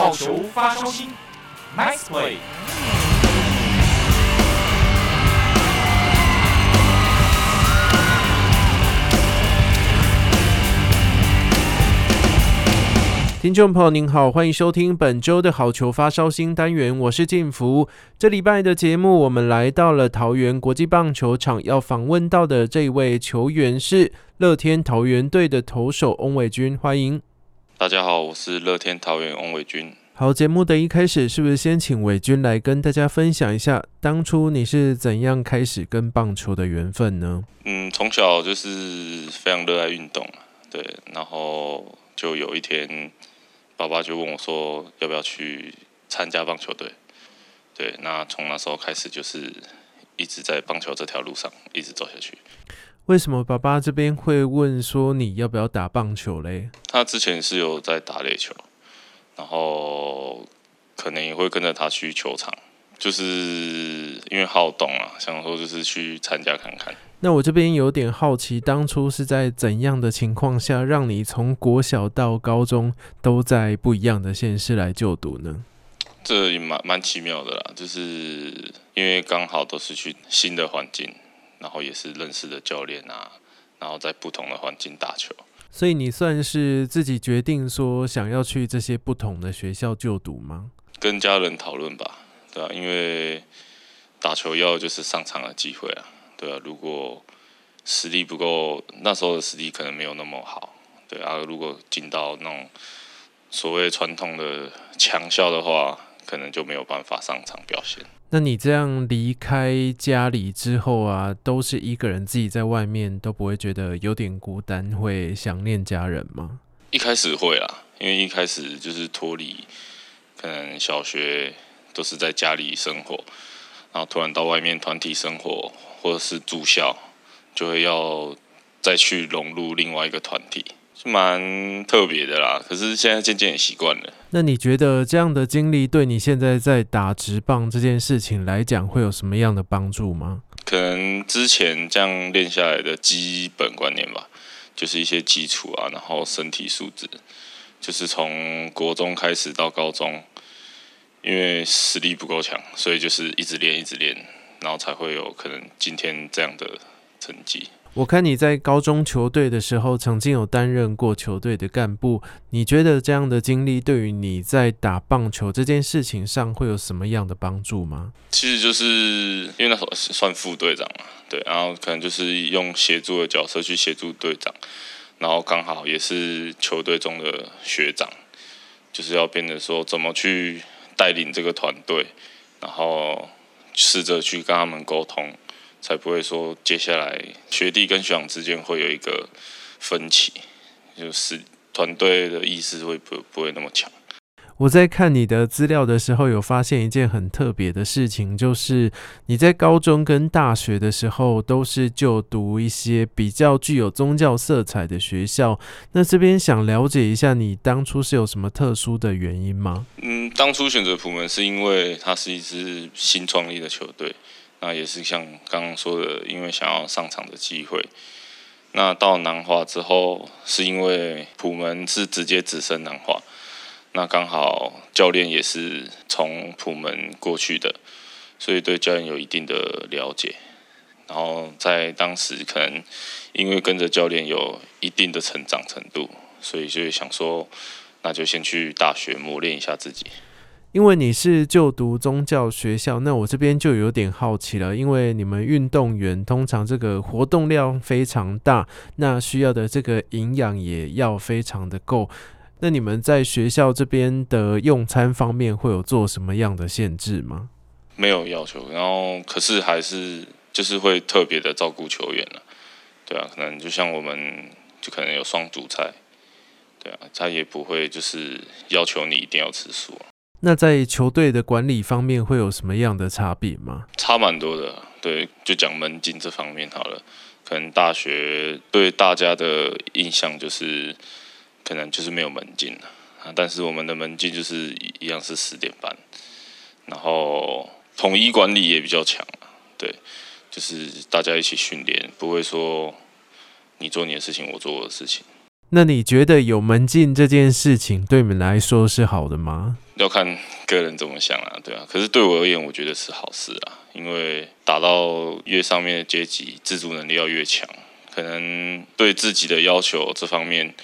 好球發燒星，Nice play。聽眾朋友您好，歡迎收聽本周的好球發燒星單元，我是晉福。這禮拜的節目，我們來到了桃園國際棒球場，要訪問到的這位球員是樂天桃猿隊的投手翁瑋均，歡迎。大家好，我是樂天桃猿翁瑋均。好，節目的一開始，是不是先請瑋均來跟大家分享一下，當初你是怎樣開始跟棒球的緣分呢？嗯，從小就是非常熱愛運動，對，然後就有一天，爸爸就問我說，要不要去參加棒球隊？對，那從那時候開始，就是一直在棒球這條路上一直走下去。為什麼爸爸這邊會問說，你要不要打棒球嘞？他之前是有在打壘球，然後可能也會跟着他去球場，就是因為好動啊，想說就是去參加看看。那我這邊有點好奇，當初是在怎樣的情況下讓你從國小到高中都在不一樣的縣市來就讀呢？這也蠻蠻奇妙的啦，就是因為剛好都是去新的環境。然後也是認識的教練啊，然後在不同的環境打球，所以你算是自己決定說想要去這些不同的學校就讀嗎？跟家人討論吧，對啊，因為打球要就是上場的機會啊，對啊，如果實力不夠，那時候的實力可能沒有那麼好，對啊，如果進到那種所謂傳統的強校的話。可能就沒有辦法上場表現。那你這樣離開家裡之後啊，都是一個人自己在外面，都不會覺得有點孤單，會想念家人嗎？一開始會啦，因為一開始就是脫離，可能小學都是在家裡生活，然後突然到外面團體生活，或者是住校，就會要再去融入另外一個團體。是蠻特別的啦，可是現在漸漸也習慣了。那你覺得這樣的經歷對你現在在打職棒這件事情來講，會有什麼樣的幫助嗎？可能之前這樣練下來的基本觀念吧，就是一些基礎啊，然後身體素質，就是從國中開始到高中，因為實力不夠強，所以就是一直練一直練，然後才會有可能今天這樣的成績。我看你在高中球隊的時候，曾經有擔任過球隊的幹部，你覺得這樣的經歷對於你在打棒球這件事情上會有什麼樣的幫助嗎？其實就是因為那時候算副隊長嘛，對，然後可能就是用協助的角色去協助隊長，然後剛好也是球隊中的學長，就是要變得說怎麼去帶領這個團隊，然後試着去跟他們溝通。才不會說接下來學弟跟學長之間會有一個分歧，就是團隊的意識會不不會那麼強。我在看你的資料的時候，有發現一件很特別的事情，就是你在高中跟大學的時候都是就讀一些比較具有宗教色彩的學校。那這邊想了解一下，你當初是有什麼特殊的原因嗎？嗯，當初選擇普門是因為它是一支新創立的球隊。那也是像剛剛說的，因為想要上場的機會。那到南華之後，是因為普門是直接直升南華，那剛好教練也是從普門過去的，所以對教練有一定的了解。然後在當時可能因為跟着教練有一定的成長程度，所以就想說，那就先去大學磨練一下自己。因為你是就讀宗教學校，那我這邊就有點好奇了。因為你們運動員通常這個活動量非常大，那需要的這個營養也要非常的夠。那你們在學校這邊的用餐方面會有做什麼樣的限制嗎？沒有要求，然後可是還是就是會特別的照顧球員了啊。對啊，可能就像我們就可能有雙主菜，對啊，他也不會就是要求你一定要吃素啊。那在球隊的管理方面會有什麼樣的差別嗎？差蠻多的，對，就講門禁這方面好了。可能大學對大家的印象就是，可能就是沒有門禁了，啊，但是我們的門禁就是一樣是十點半，然後統一管理也比較強，對，就是大家一起訓練，不會說你做你的事情，我做我的事情。那你覺得有門禁這件事情對你們來說是好的嗎？要看個人怎麼想啊，對啊。可是對我而言，我覺得是好事啊，因為打到越上面的階級，自主能力要越強。可能對自己的要求這方面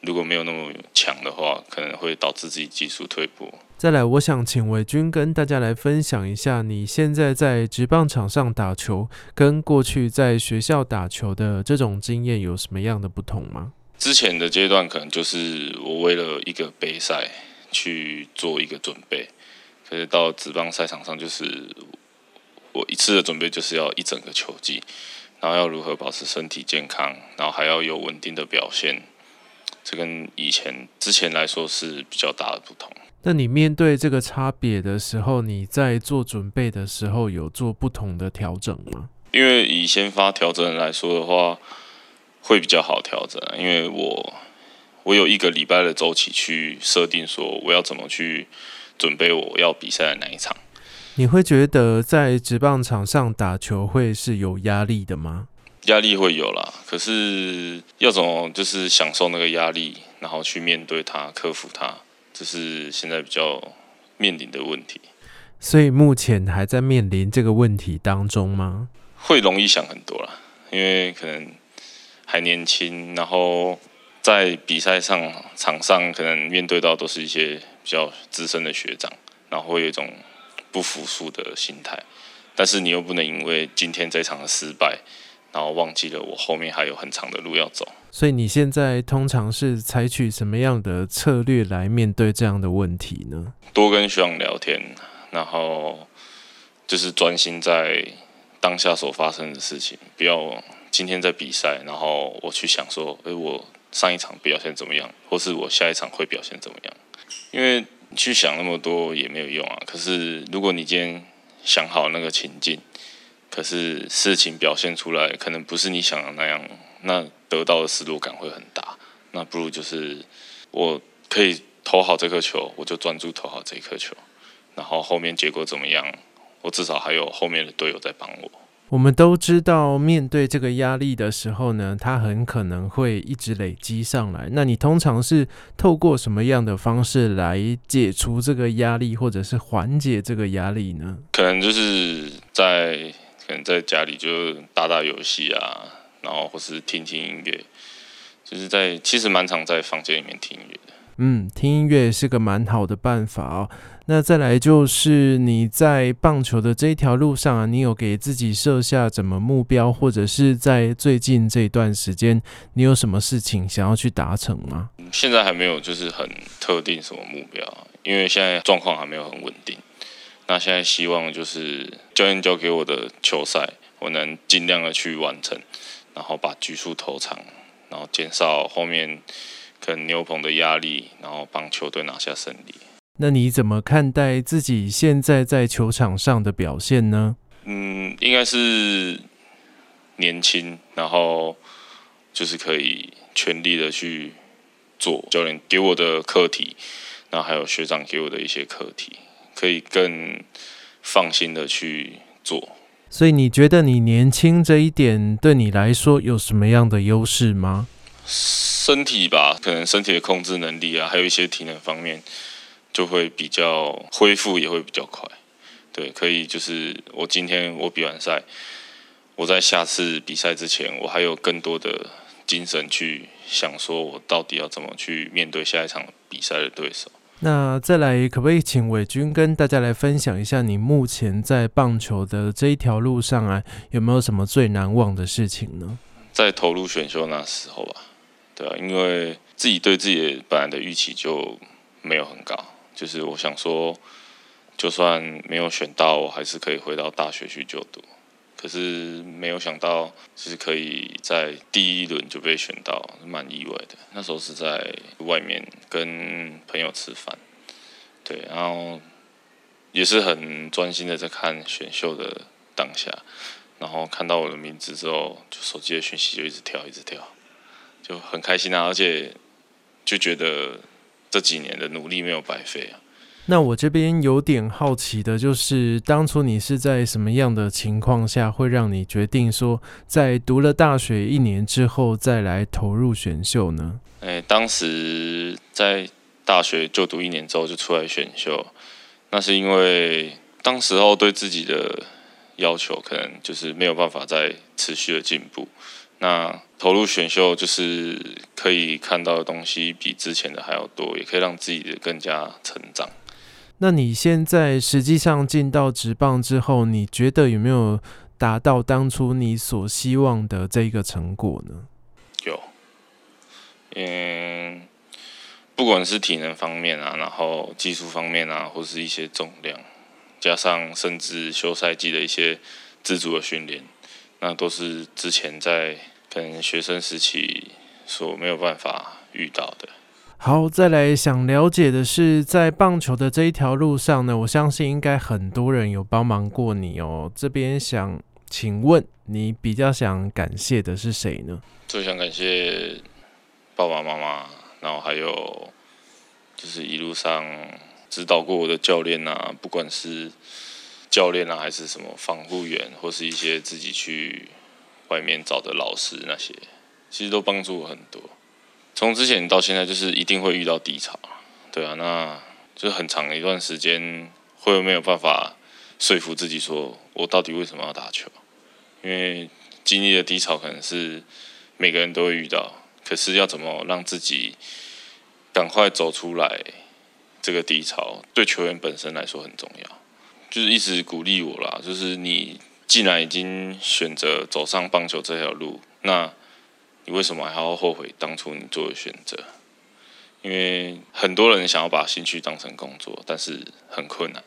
如果沒有那麼強的話，可能會導致自己技術退步。再來，我想請瑋均跟大家來分享一下，你現在在職棒場上打球，跟過去在學校打球的這種經驗有什麼樣的不同嗎？之前的階段可能就是我為了一個杯賽去做一個準備，可是到職棒賽場上就是我一次的準備就是要一整個球季，然後要如何保持身體健康，然後還要有穩定的表現，這跟以前之前來說是比較大的不同。那你面對這個差別的時候，你在做準備的時候有做不同的調整嗎？因為以先發調整來說的話。會比較好調整，因為我我有一個禮拜的週期去設定說我要怎麼去準備我要比賽的那一場。你會覺得在職棒場上打球會是有壓力的嗎？壓力會有啦，可是要怎麼就是享受那個壓力，然後去面對它、克服它，這是現在比較面臨的問題。所以目前還在面臨這個問題當中嗎？會容易想很多啦，因為可能。還年輕，然後在比賽上場上可能面對到都是一些比較資深的學長，然後會有一種不服輸的心態，但是你又不能因為今天這場的失敗，然後忘記了我後面還有很長的路要走。所以你現在通常是採取什麼樣的策略來面對這樣的問題呢？多跟學長聊天，然後就是專心在當下所發生的事情，不要。今天在比賽，然後我去想說，誒、欸，我上一場表現怎麼樣，或是我下一場會表現怎麼樣？因為去想那麼多也沒有用啊。可是如果你今天想好那個情境，可是事情表現出來可能不是你想的那樣，那得到的失落感會很大。那不如就是我可以投好這顆球，我就專注投好這顆球，然後後面結果怎麼樣，我至少還有後面的隊友在幫我。我們都知道，面對這個壓力的時候呢，它很可能會一直累積上來。那你通常是透過什麼樣的方式來解除這個壓力，或者是緩解這個壓力呢？可能就是在，可能在家裡就打打遊戲啊，然後或是聽聽音樂，就是在，其實蠻常在房間裡面聽音樂的。嗯，聽音樂是個蠻好的辦法哦。那再來就是你在棒球的這一條路上啊，你有給自己設下什麼目標，或者是在最近這段時間，你有什麼事情想要去達成嗎？現在還沒有，就是很特定什麼目標，因為現在狀況還沒有很穩定。那現在希望就是教練交給我的球賽，我能盡量的去完成，然後把局數投長，然後減少後面跟牛棚的壓力，然後幫球隊拿下勝利。那你怎麼看待自己現在在球場上的表現呢？嗯，應該是年輕，然後就是可以全力的去做。教練給我的課題，然後還有學長給我的一些課題，可以更放心的去做。所以你覺得你年輕這一點，對你來說有什麼樣的優勢嗎？身體吧，可能身體的控制能力啊，還有一些體能方面，就會比較恢復，也會比較快。對，可以就是我今天我比完賽，我在下次比賽之前，我還有更多的精神去想，說我到底要怎麼去面對下一場比賽的對手。那再來，可不可以請瑋均跟大家來分享一下，你目前在棒球的這一條路上啊，有沒有什麼最難忘的事情呢？在投入選秀那時候吧、啊。對啊，因為自己對自己的本來的預期就沒有很高，就是我想說，就算沒有選到，我還是可以回到大學去就讀。可是沒有想到，就是可以在第一輪就被選到，蠻意外的。那時候是在外面跟朋友吃飯，對，然後也是很專心的在看選秀的當下，然後看到我的名字之後，就手機的訊息就一直跳，一直跳。就很開心啊，而且就覺得這幾年的努力沒有白費啊。那我這邊有點好奇的，就是當初你是在什麼樣的情況下，會讓你決定說，在讀了大學一年之後再來投入選秀呢？欸，當時在大學就讀一年之後就出來選秀，那是因為當時候對自己的要求，可能就是沒有辦法再持續的進步。那投入選秀就是可以看到的東西比之前的還要多，也可以讓自己的更加成長。那你現在實際上進到職棒之後，你覺得有沒有達到當初你所希望的這一個成果呢？有，嗯，不管是體能方面啊，然後技術方面啊，或是一些重量，加上甚至休賽季的一些自主的訓練。那都是之前在跟學生時期所沒有辦法遇到的。好，再來想了解的是，在棒球的這一條路上呢，我相信應該很多人有幫忙過你哦、喔。這邊想請問，你比較想感謝的是誰呢？最想感謝爸爸媽媽，然後還有就是一路上指導過我的教練啊，不管是。教練啊，還是什麼防護員，或是一些自己去外面找的老師那些，其實都幫助我很多。從之前到現在，就是一定會遇到低潮，對啊，那就是很長一段時間會沒有辦法說服自己說，我到底為什麼要打球？因為經歷了低潮，可能是每個人都會遇到，可是要怎麼讓自己趕快走出來這個低潮，對球員本身來說很重要。就是一直鼓勵我啦，就是你既然已經選擇走上棒球這條路，那你為什麼還要後悔當初你做的選擇？因為很多人想要把興趣當成工作，但是很困難。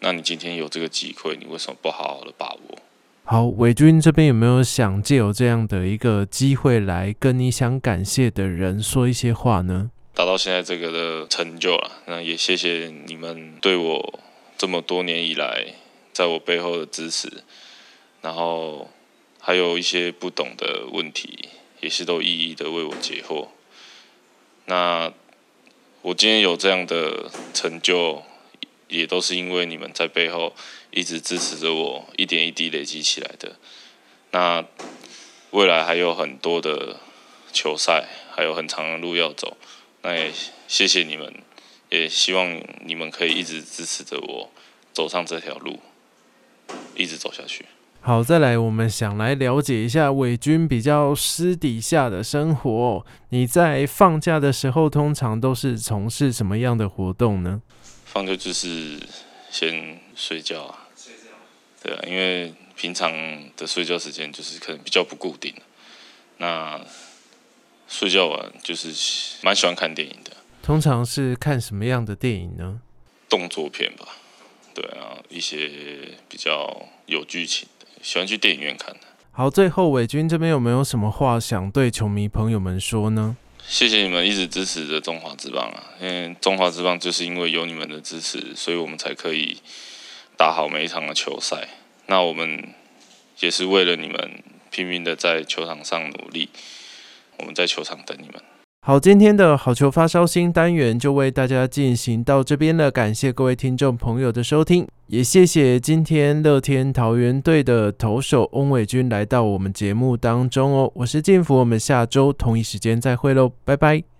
那你今天有這個機會，你為什麼不好好的把握？好，瑋均這邊有沒有想借由這樣的一個機會來跟你想感謝的人說一些話呢？達到現在這個的成就了，那也謝謝你們對我這麼多年以來，在我背後的支持，然後還有一些不懂的問題，也是都一一的為我解惑。那我今天有這樣的成就，也都是因為你們在背後一直支持着我，一點一滴累積起來的。那未來還有很多的球賽，還有很長的路要走，那也謝謝你們。也希望你們可以一直支持着我走上這條路，一直走下去。好，再來，我們想來了解一下瑋均比較私底下的生活。你在放假的時候，通常都是從事什麼樣的活動呢？放假就，就是先睡覺啊。睡覺？對啊，因為平常的睡覺時間就是可能比較不固定。那睡覺完就是蠻喜歡看電影的。通常是看什麼樣的電影呢？動作片吧。對啊，一些比較有劇情的，喜歡去電影院看。好，最後瑋均這邊有沒有什麼話想對球迷朋友們說呢？謝謝你們一直支持着中華職棒啊！因為中華職棒就是因為有你們的支持，所以我們才可以打好每一場的球賽。那我們也是為了你們拼命的在球場上努力，我們在球場等你們。好，今天的好球發燒星單元就為大家進行到這邊了。感謝各位聽眾朋友的收聽，也謝謝今天樂天桃猿隊的投手翁瑋均來到我們節目當中哦。我是靜福，我們下周同一時間再會嘍，拜拜。